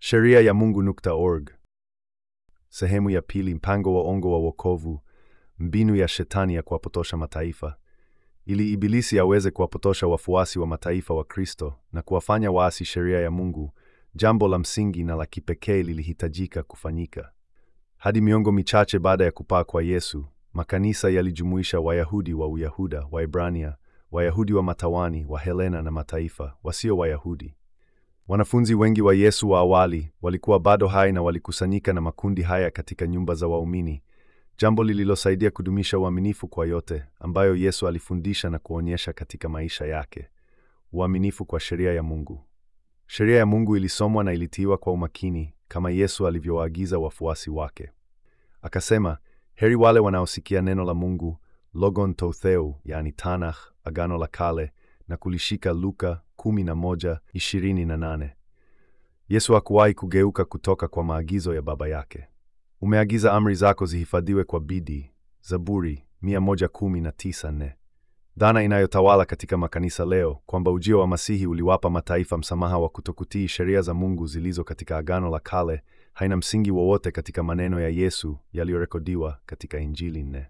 Sheria ya org. Sehemu ya pili: mpango wa ongo wa wokovu, mbinu ya shetani ya kuwapotosha mataifa. Ili Ibilisi aweze kuwapotosha wafuasi wa mataifa wa Kristo na kuwafanya waasi sheria ya Mungu, jambo la msingi na la kipekee lilihitajika kufanyika. Hadi miongo michache baada ya kupaa kwa Yesu, makanisa yalijumuisha Wayahudi wa Uyahuda, Waebrania, Wayahudi wa matawani, Wahelena na mataifa wasio Wayahudi. Wanafunzi wengi wa Yesu wa awali walikuwa bado hai na walikusanyika na makundi haya katika nyumba za waumini, jambo lililosaidia kudumisha uaminifu kwa yote ambayo Yesu alifundisha na kuonyesha katika maisha yake. Uaminifu kwa sheria ya Mungu. Sheria ya Mungu ilisomwa na ilitiiwa kwa umakini kama Yesu alivyowaagiza wafuasi wake. Akasema, heri wale wanaosikia neno la Mungu, logon toutheu, yani Tanakh, Agano la Kale, na kulishika Luka 11:28. Yesu hakuwahi kugeuka kutoka kwa maagizo ya Baba yake. Umeagiza amri zako zihifadhiwe kwa bidii, Zaburi 119:4. Dhana inayotawala katika makanisa leo kwamba ujio wa Masihi uliwapa mataifa msamaha wa kutokutii sheria za Mungu zilizo katika Agano la Kale haina msingi wowote katika maneno ya Yesu yaliyorekodiwa katika Injili nne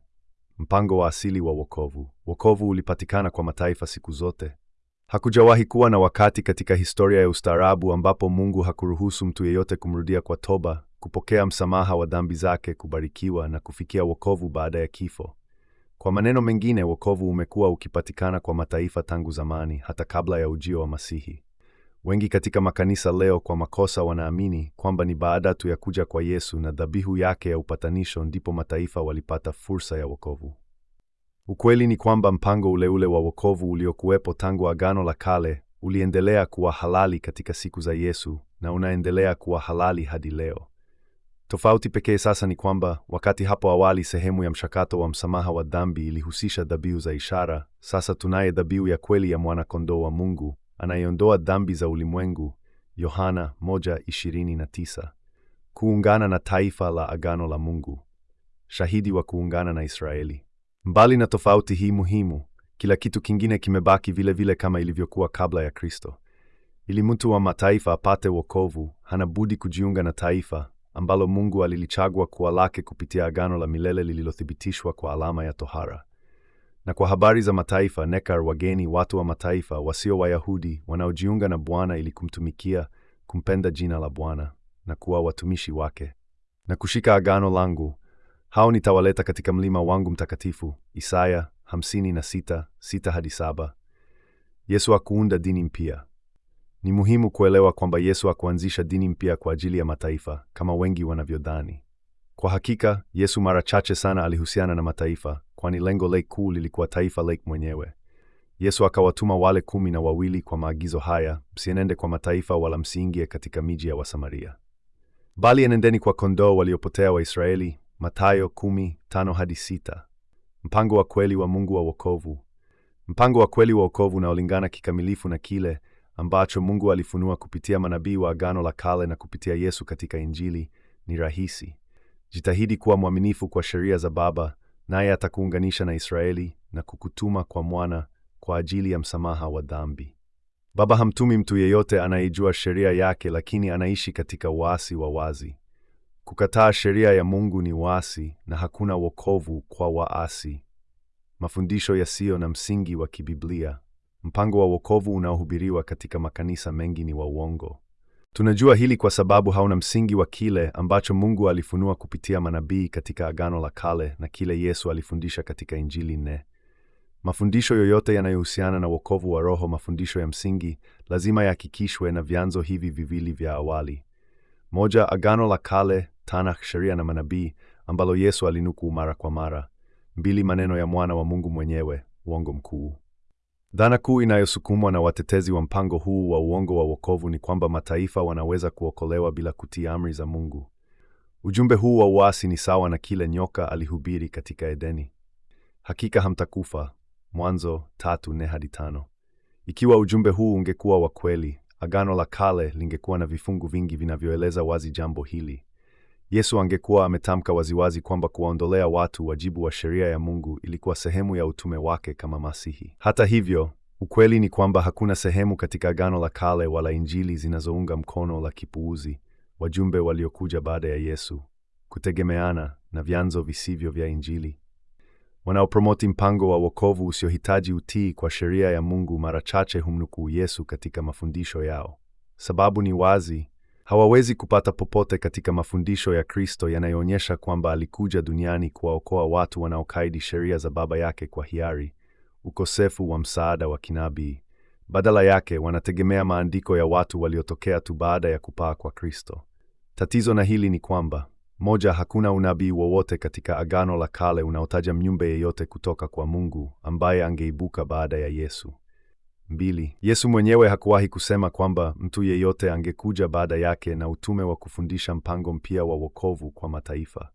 mpango wa asili wa wokovu. Wokovu ulipatikana kwa mataifa siku zote. Hakujawahi kuwa na wakati katika historia ya ustaarabu ambapo Mungu hakuruhusu mtu yeyote kumrudia kwa toba, kupokea msamaha wa dhambi zake, kubarikiwa na kufikia wokovu baada ya kifo. Kwa maneno mengine, wokovu umekuwa ukipatikana kwa mataifa tangu zamani, hata kabla ya ujio wa Masihi. Wengi katika makanisa leo kwa makosa wanaamini kwamba ni baada tu ya kuja kwa Yesu na dhabihu yake ya upatanisho ndipo mataifa walipata fursa ya wokovu. Ukweli ni kwamba mpango ule ule wa wokovu uliokuwepo tangu Agano la Kale uliendelea kuwa halali katika siku za Yesu na unaendelea kuwa halali hadi leo. Tofauti pekee sasa ni kwamba wakati hapo awali sehemu ya mchakato wa msamaha wa dhambi ilihusisha dhabihu za ishara, sasa tunaye dhabihu ya kweli ya mwana kondoo wa Mungu anayeondoa dhambi za ulimwengu, Yohana 1:29, kuungana na taifa la agano la Mungu, shahidi wa kuungana na Israeli. Mbali na tofauti hii muhimu, kila kitu kingine kimebaki vile vile kama ilivyokuwa kabla ya Kristo. Ili mtu wa mataifa apate wokovu, hana budi kujiunga na taifa ambalo Mungu alilichagua kuwa lake kupitia agano la milele lililothibitishwa kwa alama ya tohara. Na kwa habari za mataifa, nekar wageni, watu wa mataifa wasio Wayahudi wanaojiunga na Bwana ili kumtumikia, kumpenda jina la Bwana na kuwa watumishi wake na kushika agano langu, hao nitawaleta katika mlima wangu mtakatifu. Isaya 56:6 hadi 7. Yesu hakuunda dini mpya. Ni muhimu kuelewa kwamba Yesu hakuanzisha dini mpya kwa ajili ya mataifa kama wengi wanavyodhani. Kwa hakika, Yesu mara chache sana alihusiana na mataifa, kwani lengo lake kuu lilikuwa taifa lake mwenyewe. Yesu akawatuma wale kumi na wawili kwa maagizo haya: msienende kwa mataifa wala msiingie katika miji ya Wasamaria, bali enendeni kwa kondoo waliopotea wa Israeli. Mathayo kumi tano hadi sita. Mpango wa kweli wa Mungu wa wokovu. Mpango wa kweli wa wokovu unaolingana kikamilifu na kile ambacho Mungu alifunua kupitia manabii wa Agano la Kale na kupitia Yesu katika Injili ni rahisi Jitahidi kuwa mwaminifu kwa sheria za Baba, naye atakuunganisha na Israeli na kukutuma kwa Mwana kwa ajili ya msamaha wa dhambi. Baba hamtumi mtu yeyote anayejua sheria yake lakini anaishi katika uasi wa wazi. Kukataa sheria ya Mungu ni uasi na hakuna wokovu kwa waasi. Mafundisho yasiyo na msingi wa kibiblia. Mpango wa wokovu unaohubiriwa katika makanisa mengi ni wa uongo. Tunajua hili kwa sababu hauna msingi wa kile ambacho Mungu alifunua kupitia manabii katika Agano la Kale na kile Yesu alifundisha katika Injili nne. Mafundisho yoyote yanayohusiana na wokovu wa roho, mafundisho ya msingi, lazima yahakikishwe na vyanzo hivi viwili vya awali: moja, Agano la Kale, Tanakh, sheria na manabii, ambalo Yesu alinukuu mara kwa mara; mbili, maneno ya mwana wa Mungu mwenyewe, uongo mkuu. Dhana kuu inayosukumwa na watetezi wa mpango huu wa uongo wa wokovu ni kwamba mataifa wanaweza kuokolewa bila kutii amri za Mungu. Ujumbe huu wa uasi ni sawa na kile nyoka alihubiri katika Edeni: hakika hamtakufa, Mwanzo tatu nne hadi tano. Ikiwa ujumbe huu ungekuwa wa kweli, Agano la Kale lingekuwa na vifungu vingi vinavyoeleza wazi jambo hili. Yesu angekuwa ametamka waziwazi kwamba kuwaondolea watu wajibu wa sheria ya Mungu ilikuwa sehemu ya utume wake kama Masihi. Hata hivyo, ukweli ni kwamba hakuna sehemu katika Agano la Kale wala Injili zinazounga mkono la kipuuzi wajumbe waliokuja baada ya Yesu, kutegemeana na vyanzo visivyo vya Injili. Wanaopromoti mpango wa wokovu usiohitaji utii kwa sheria ya Mungu mara chache humnukuu Yesu katika mafundisho yao. Sababu ni wazi hawawezi kupata popote katika mafundisho ya Kristo yanayoonyesha kwamba alikuja duniani kuwaokoa watu wanaokaidi sheria za Baba yake kwa hiari, ukosefu wa msaada wa kinabii. Badala yake wanategemea maandiko ya watu waliotokea tu baada ya kupaa kwa Kristo. Tatizo na hili ni kwamba moja, hakuna unabii wowote katika Agano la Kale unaotaja mnyumbe yeyote kutoka kwa Mungu ambaye angeibuka baada ya Yesu. Mbili. Yesu mwenyewe hakuwahi kusema kwamba mtu yeyote angekuja baada yake na utume wa kufundisha mpango mpya wa wokovu kwa mataifa.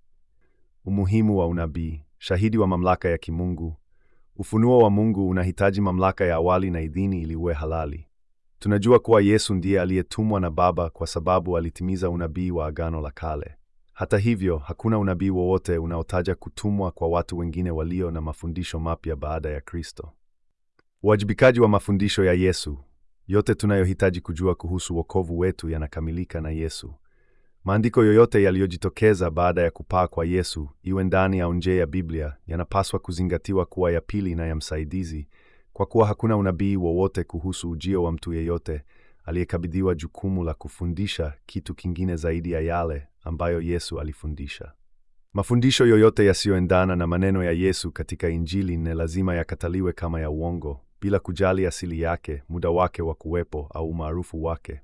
Umuhimu wa unabii, shahidi wa mamlaka ya kimungu. Ufunuo wa Mungu unahitaji mamlaka ya awali na idhini ili uwe halali. Tunajua kuwa Yesu ndiye aliyetumwa na Baba kwa sababu alitimiza unabii wa Agano la Kale. Hata hivyo, hakuna unabii wowote unaotaja kutumwa kwa watu wengine walio na mafundisho mapya baada ya Kristo. Uwajibikaji wa mafundisho ya Yesu. Yote tunayohitaji kujua kuhusu wokovu wetu yanakamilika na Yesu. Maandiko yoyote yaliyojitokeza baada ya kupaa kwa Yesu, iwe ndani au nje ya Biblia, yanapaswa kuzingatiwa kuwa ya pili na ya msaidizi, kwa kuwa hakuna unabii wowote kuhusu ujio wa mtu yeyote aliyekabidhiwa jukumu la kufundisha kitu kingine zaidi ya yale ambayo Yesu alifundisha. Mafundisho yoyote yasiyoendana na maneno ya Yesu katika Injili ni lazima yakataliwe kama ya uongo bila kujali asili yake, muda wake wa kuwepo au umaarufu wake.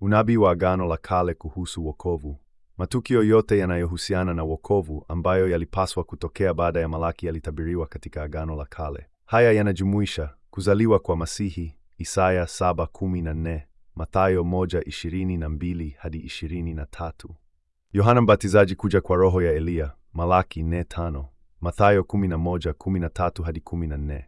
Unabii wa Agano la Kale kuhusu wokovu. Matukio yote yanayohusiana na wokovu ambayo yalipaswa kutokea baada ya Malaki yalitabiriwa katika Agano la Kale. Haya yanajumuisha kuzaliwa kwa Masihi, Isaya 7:14, Mathayo 1:22 hadi 23. Yohana Mbatizaji kuja kwa roho ya Eliya, Malaki 4:5, Mathayo 11:13 hadi 14.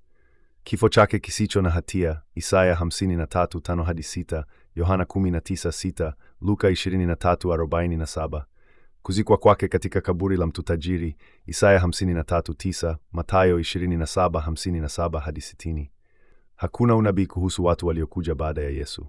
Kifo chake kisicho na hatia, Isaya 53:5 hadi 6, Yohana 19:6, Luka 23:47. Kuzikwa kwake katika kaburi la mtu tajiri, Isaya 53:9, Mathayo 27:57 hadi 60. Hakuna unabii kuhusu watu waliokuja baada ya Yesu.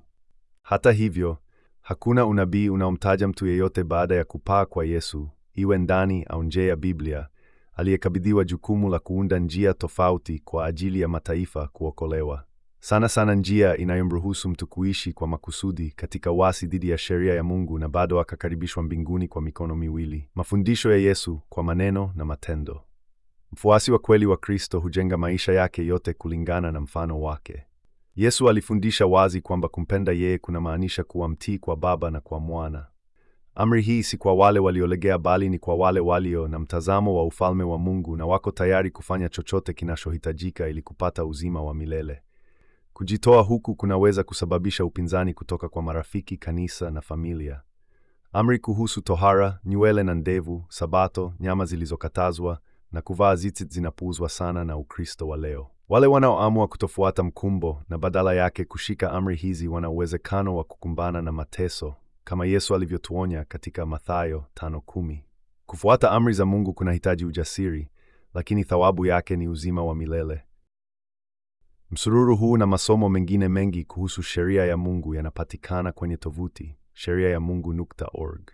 Hata hivyo, hakuna unabii unaomtaja mtu yeyote baada ya kupaa kwa Yesu, iwe ndani au nje ya Biblia aliyekabidhiwa jukumu la kuunda njia tofauti kwa ajili ya mataifa kuokolewa, sana sana njia inayomruhusu mtu kuishi kwa makusudi katika wasi dhidi ya sheria ya Mungu na bado akakaribishwa mbinguni kwa mikono miwili. Mafundisho ya Yesu kwa maneno na matendo. Mfuasi wa kweli wa Kristo hujenga maisha yake yote kulingana na mfano wake. Yesu alifundisha wazi kwamba kumpenda yeye kunamaanisha kuwa mtii kwa Baba na kwa Mwana. Amri hii si kwa wale waliolegea, bali ni kwa wale walio na mtazamo wa ufalme wa Mungu na wako tayari kufanya chochote kinachohitajika ili kupata uzima wa milele. Kujitoa huku kunaweza kusababisha upinzani kutoka kwa marafiki, kanisa na familia. Amri kuhusu tohara, nywele na ndevu, Sabato, nyama zilizokatazwa na kuvaa tzitzit zinapuuzwa sana na Ukristo wa leo. Wale wanaoamua kutofuata mkumbo na badala yake kushika amri hizi wana uwezekano wa kukumbana na mateso kama Yesu alivyotuonya katika Mathayo 5:10. Kufuata amri za Mungu kunahitaji ujasiri, lakini thawabu yake ni uzima wa milele. Msururu huu na masomo mengine mengi kuhusu sheria ya Mungu yanapatikana kwenye tovuti sheria ya mungu.org.